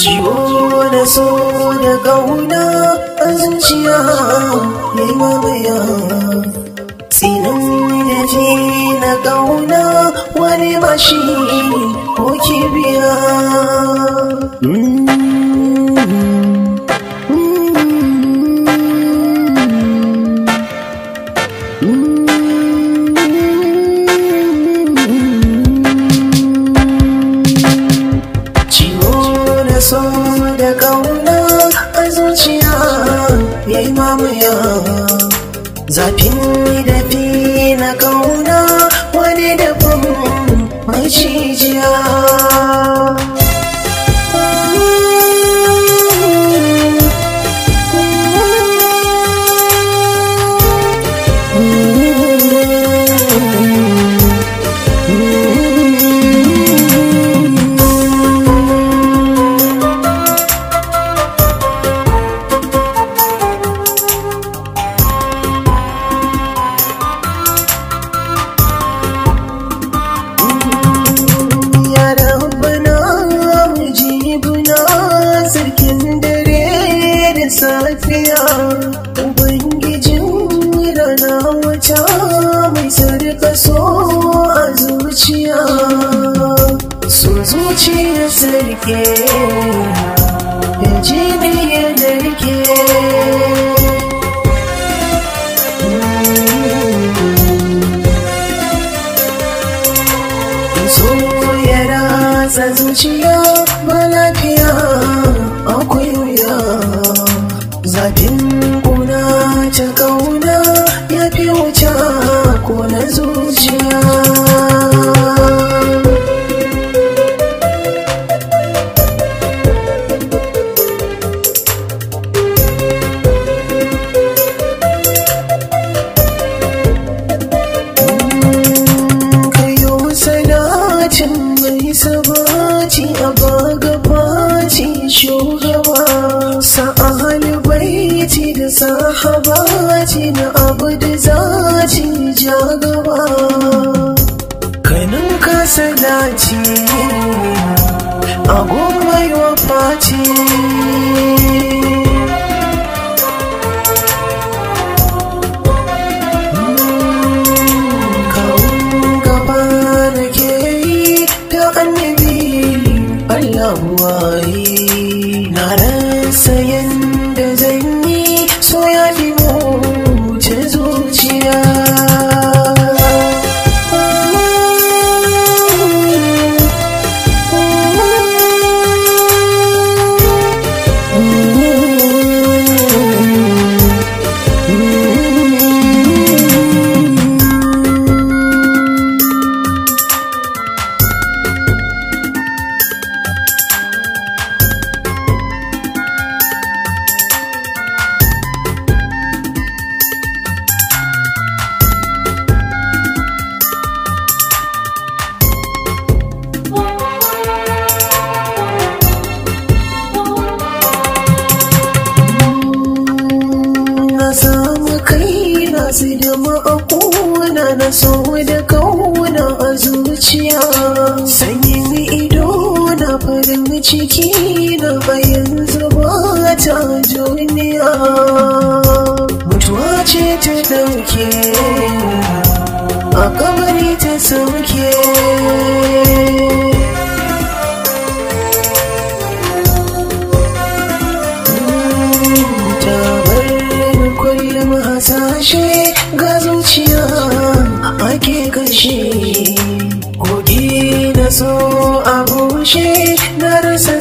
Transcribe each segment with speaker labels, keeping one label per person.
Speaker 1: Ciwo da so da ƙauna a zuciya mai mamaya. Tsinin nufi na ƙauna wani mashi ko kibiya. 在拼命的。ta mai sarka so a zuciya so zuciya sarki da jini wani abu da zaci ja gaba kanin kasa sadaci a gumai wa su da ma'akuna na so da kauna a zuciya sanyin ido na farin ciki na bayan zuba ta duniya mutuwa ce ta dauke a kamari ta sauke shi kogi na so a bushe na rasa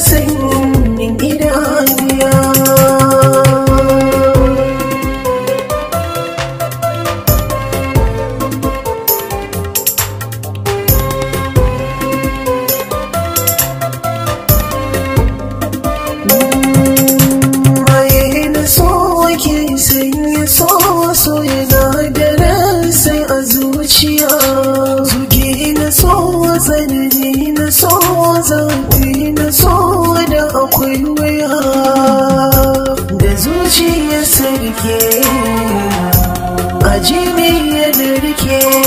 Speaker 1: ji ne ya